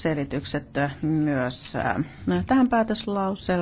selitykset myös. Äh, tähän päätöslauselmaan.